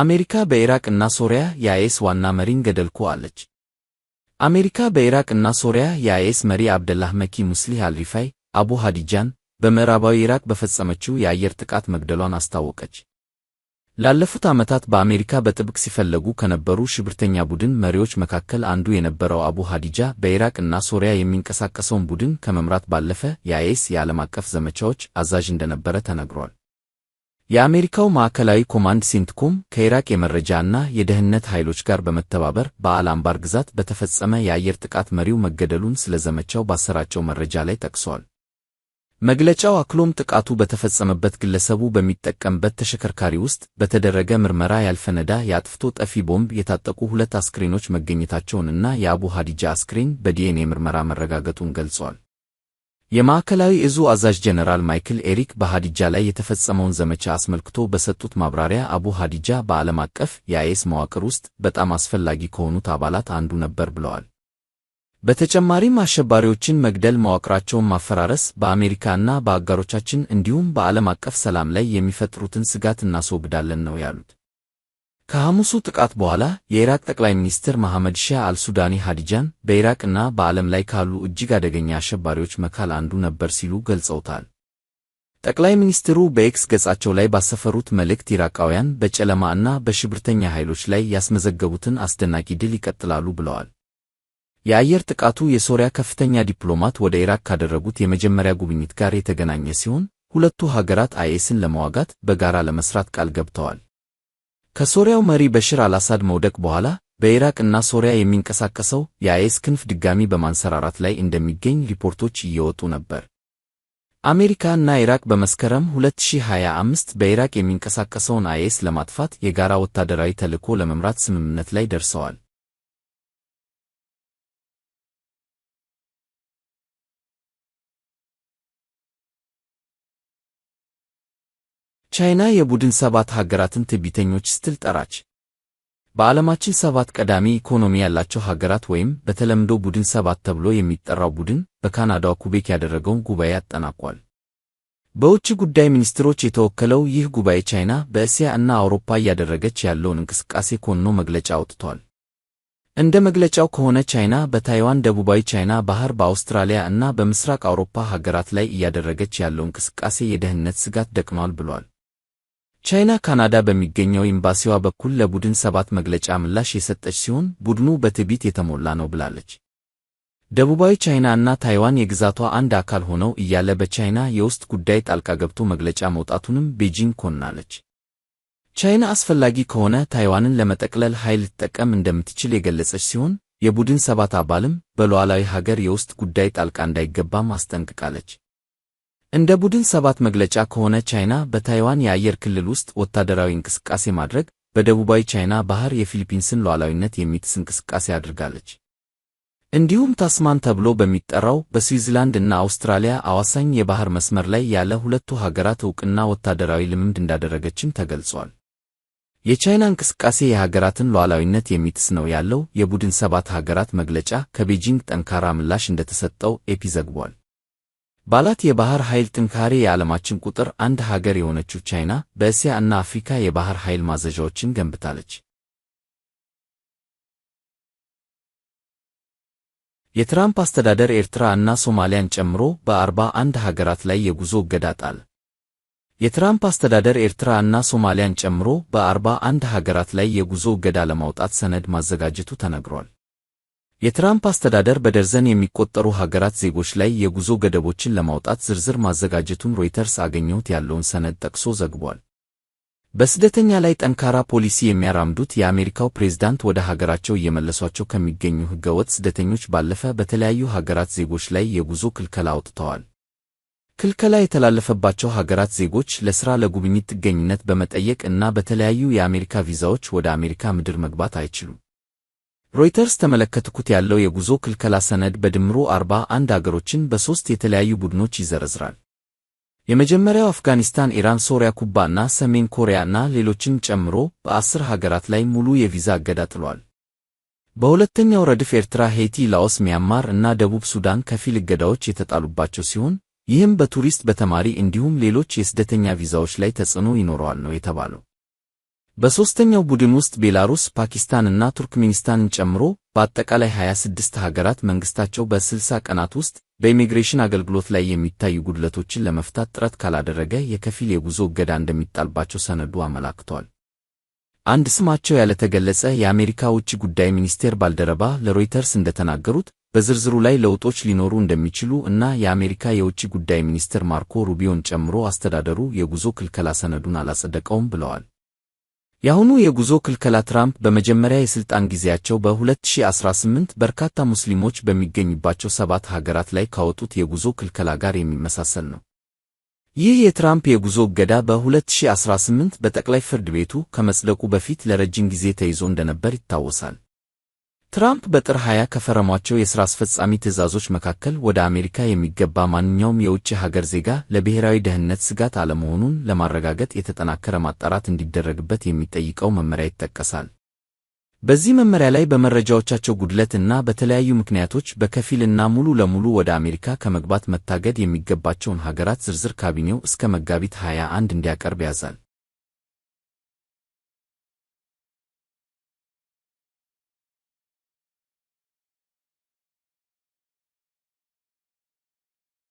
አሜሪካ በኢራቅ እና ሶሪያ የአይኤስ ዋና መሪን ገደልኩ አለች። አሜሪካ በኢራቅ እና ሶሪያ የአይኤስ መሪ አብደላህ መኪ ሙስሊህ አልሪፋይ አቡ ሃዲጃን በምዕራባዊ ኢራቅ በፈጸመችው የአየር ጥቃት መግደሏን አስታወቀች። ላለፉት ዓመታት በአሜሪካ በጥብቅ ሲፈለጉ ከነበሩ ሽብርተኛ ቡድን መሪዎች መካከል አንዱ የነበረው አቡ ሃዲጃ በኢራቅ እና ሶሪያ የሚንቀሳቀሰውን ቡድን ከመምራት ባለፈ የአይኤስ የዓለም አቀፍ ዘመቻዎች አዛዥ እንደነበረ ተነግሯል። የአሜሪካው ማዕከላዊ ኮማንድ ሲንትኮም ከኢራቅ የመረጃ እና የደህንነት ኃይሎች ጋር በመተባበር በአልአንባር ግዛት በተፈጸመ የአየር ጥቃት መሪው መገደሉን ስለ ዘመቻው ባሰራጨው መረጃ ላይ ጠቅሷል። መግለጫው አክሎም ጥቃቱ በተፈጸመበት ግለሰቡ በሚጠቀምበት ተሽከርካሪ ውስጥ በተደረገ ምርመራ ያልፈነዳ የአጥፍቶ ጠፊ ቦምብ የታጠቁ ሁለት አስክሬኖች መገኘታቸውንና የአቡ ሀዲጃ አስክሬን በዲኤንኤ ምርመራ መረጋገጡን ገልጿል። የማዕከላዊ እዙ አዛዥ ጀነራል ማይክል ኤሪክ በሃዲጃ ላይ የተፈጸመውን ዘመቻ አስመልክቶ በሰጡት ማብራሪያ አቡ ሃዲጃ በዓለም አቀፍ የአይኤስ መዋቅር ውስጥ በጣም አስፈላጊ ከሆኑት አባላት አንዱ ነበር ብለዋል። በተጨማሪም አሸባሪዎችን መግደል፣ መዋቅራቸውን ማፈራረስ በአሜሪካና በአጋሮቻችን እንዲሁም በዓለም አቀፍ ሰላም ላይ የሚፈጥሩትን ስጋት እናስወግዳለን ነው ያሉት። ከሐሙሱ ጥቃት በኋላ የኢራቅ ጠቅላይ ሚኒስትር መሐመድ ሻህ አልሱዳኒ ሃዲጃን በኢራቅና በዓለም ላይ ካሉ እጅግ አደገኛ አሸባሪዎች መካከል አንዱ ነበር ሲሉ ገልጸውታል። ጠቅላይ ሚኒስትሩ በኤክስ ገጻቸው ላይ ባሰፈሩት መልእክት ኢራቃውያን በጨለማ እና በሽብርተኛ ኃይሎች ላይ ያስመዘገቡትን አስደናቂ ድል ይቀጥላሉ ብለዋል። የአየር ጥቃቱ የሶሪያ ከፍተኛ ዲፕሎማት ወደ ኢራቅ ካደረጉት የመጀመሪያ ጉብኝት ጋር የተገናኘ ሲሆን ሁለቱ ሀገራት አይኤስን ለመዋጋት በጋራ ለመስራት ቃል ገብተዋል። ከሶሪያው መሪ በሽር አልአሳድ መውደቅ በኋላ በኢራቅ እና ሶሪያ የሚንቀሳቀሰው የአይኤስ ክንፍ ድጋሚ በማንሰራራት ላይ እንደሚገኝ ሪፖርቶች እየወጡ ነበር። አሜሪካ እና ኢራቅ በመስከረም 2025 በኢራቅ የሚንቀሳቀሰውን አይኤስ ለማጥፋት የጋራ ወታደራዊ ተልዕኮ ለመምራት ስምምነት ላይ ደርሰዋል። ቻይና የቡድን ሰባት ሀገራትን ትዕቢተኞች ስትል ጠራች። በዓለማችን ሰባት ቀዳሚ ኢኮኖሚ ያላቸው ሀገራት ወይም በተለምዶ ቡድን ሰባት ተብሎ የሚጠራው ቡድን በካናዳው ኩቤክ ያደረገውን ጉባኤ አጠናቋል። በውጭ ጉዳይ ሚኒስትሮች የተወከለው ይህ ጉባኤ ቻይና በእስያ እና አውሮፓ እያደረገች ያለውን እንቅስቃሴ ኮንኖ መግለጫ አውጥቷል። እንደ መግለጫው ከሆነ ቻይና በታይዋን፣ ደቡባዊ ቻይና ባህር፣ በአውስትራሊያ እና በምስራቅ አውሮፓ ሀገራት ላይ እያደረገች ያለው እንቅስቃሴ የደህንነት ስጋት ደቅኗል ብሏል። ቻይና ካናዳ በሚገኘው ኤምባሲዋ በኩል ለቡድን ሰባት መግለጫ ምላሽ የሰጠች ሲሆን ቡድኑ በትዕቢት የተሞላ ነው ብላለች። ደቡባዊ ቻይና እና ታይዋን የግዛቷ አንድ አካል ሆነው እያለ በቻይና የውስጥ ጉዳይ ጣልቃ ገብቶ መግለጫ መውጣቱንም ቤጂንግ ኮንናለች። ቻይና አስፈላጊ ከሆነ ታይዋንን ለመጠቅለል ኃይል ልትጠቀም እንደምትችል የገለጸች ሲሆን የቡድን ሰባት አባልም በሉዓላዊ ሀገር የውስጥ ጉዳይ ጣልቃ እንዳይገባም አስጠንቅቃለች። እንደ ቡድን ሰባት መግለጫ ከሆነ ቻይና በታይዋን የአየር ክልል ውስጥ ወታደራዊ እንቅስቃሴ ማድረግ፣ በደቡባዊ ቻይና ባህር የፊሊፒንስን ሉዓላዊነት የሚጥስ እንቅስቃሴ አድርጋለች። እንዲሁም ታስማን ተብሎ በሚጠራው በስዊዝላንድ እና አውስትራሊያ አዋሳኝ የባህር መስመር ላይ ያለ ሁለቱ ሀገራት ዕውቅና ወታደራዊ ልምምድ እንዳደረገችም ተገልጿል። የቻይና እንቅስቃሴ የሀገራትን ሉዓላዊነት የሚጥስ ነው ያለው የቡድን ሰባት ሀገራት መግለጫ ከቤጂንግ ጠንካራ ምላሽ እንደተሰጠው ኤፒ ዘግቧል። ባላት የባህር ኃይል ጥንካሬ የዓለማችን ቁጥር አንድ ሀገር የሆነችው ቻይና በእስያ እና አፍሪካ የባህር ኃይል ማዘዣዎችን ገንብታለች። የትራምፕ አስተዳደር ኤርትራ እና ሶማሊያን ጨምሮ በአርባ አንድ ሀገራት ላይ የጉዞ እገዳ ጣለ። የትራምፕ አስተዳደር ኤርትራ እና ሶማሊያን ጨምሮ በአርባ አንድ ሀገራት ላይ የጉዞ እገዳ ለማውጣት ሰነድ ማዘጋጀቱ ተነግሯል። የትራምፕ አስተዳደር በደርዘን የሚቆጠሩ ሀገራት ዜጎች ላይ የጉዞ ገደቦችን ለማውጣት ዝርዝር ማዘጋጀቱን ሮይተርስ አገኘሁት ያለውን ሰነድ ጠቅሶ ዘግቧል። በስደተኛ ላይ ጠንካራ ፖሊሲ የሚያራምዱት የአሜሪካው ፕሬዝዳንት ወደ ሀገራቸው እየመለሷቸው ከሚገኙ ሕገወጥ ስደተኞች ባለፈ በተለያዩ ሀገራት ዜጎች ላይ የጉዞ ክልከላ አውጥተዋል። ክልከላ የተላለፈባቸው ሀገራት ዜጎች ለሥራ፣ ለጉብኝት ጥገኝነት በመጠየቅ እና በተለያዩ የአሜሪካ ቪዛዎች ወደ አሜሪካ ምድር መግባት አይችሉም። ሮይተርስ ተመለከትኩት ያለው የጉዞ ክልከላ ሰነድ በድምሩ አርባ አንድ አገሮችን በሦስት የተለያዩ ቡድኖች ይዘረዝራል። የመጀመሪያው አፍጋኒስታን፣ ኢራን፣ ሶሪያ፣ ኩባ ሰሜን ኮሪያ እና ሌሎችን ጨምሮ በአስር ሀገራት ላይ ሙሉ የቪዛ እገዳ ጥሏል። በሁለተኛው ረድፍ ኤርትራ፣ ሄይቲ፣ ላኦስ፣ ሚያንማር እና ደቡብ ሱዳን ከፊል እገዳዎች የተጣሉባቸው ሲሆን ይህም በቱሪስት በተማሪ እንዲሁም ሌሎች የስደተኛ ቪዛዎች ላይ ተጽዕኖ ይኖረዋል ነው የተባለው። በሦስተኛው ቡድን ውስጥ ቤላሩስ፣ ፓኪስታንና ቱርክሜኒስታንን ጨምሮ በአጠቃላይ 26 ሀገራት መንግሥታቸው በ60 ቀናት ውስጥ በኢሚግሬሽን አገልግሎት ላይ የሚታዩ ጉድለቶችን ለመፍታት ጥረት ካላደረገ የከፊል የጉዞ እገዳ እንደሚጣልባቸው ሰነዱ አመላክቷል። አንድ ስማቸው ያልተገለጸ የአሜሪካ ውጭ ጉዳይ ሚኒስቴር ባልደረባ ለሮይተርስ እንደተናገሩት በዝርዝሩ ላይ ለውጦች ሊኖሩ እንደሚችሉ እና የአሜሪካ የውጭ ጉዳይ ሚኒስትር ማርኮ ሩቢዮን ጨምሮ አስተዳደሩ የጉዞ ክልከላ ሰነዱን አላጸደቀውም ብለዋል። የአሁኑ የጉዞ ክልከላ ትራምፕ በመጀመሪያ የሥልጣን ጊዜያቸው በ2018 በርካታ ሙስሊሞች በሚገኙባቸው ሰባት ሀገራት ላይ ካወጡት የጉዞ ክልከላ ጋር የሚመሳሰል ነው። ይህ የትራምፕ የጉዞ እገዳ በ2018 በጠቅላይ ፍርድ ቤቱ ከመጽደቁ በፊት ለረጅም ጊዜ ተይዞ እንደነበር ይታወሳል። ትራምፕ በጥር 20 ከፈረሟቸው የሥራ አስፈጻሚ ትዕዛዞች መካከል ወደ አሜሪካ የሚገባ ማንኛውም የውጭ ሀገር ዜጋ ለብሔራዊ ደህንነት ስጋት አለመሆኑን ለማረጋገጥ የተጠናከረ ማጣራት እንዲደረግበት የሚጠይቀው መመሪያ ይጠቀሳል። በዚህ መመሪያ ላይ በመረጃዎቻቸው ጉድለት እና በተለያዩ ምክንያቶች በከፊልና ሙሉ ለሙሉ ወደ አሜሪካ ከመግባት መታገድ የሚገባቸውን ሀገራት ዝርዝር ካቢኔው እስከ መጋቢት 21 እንዲያቀርብ ያዛል።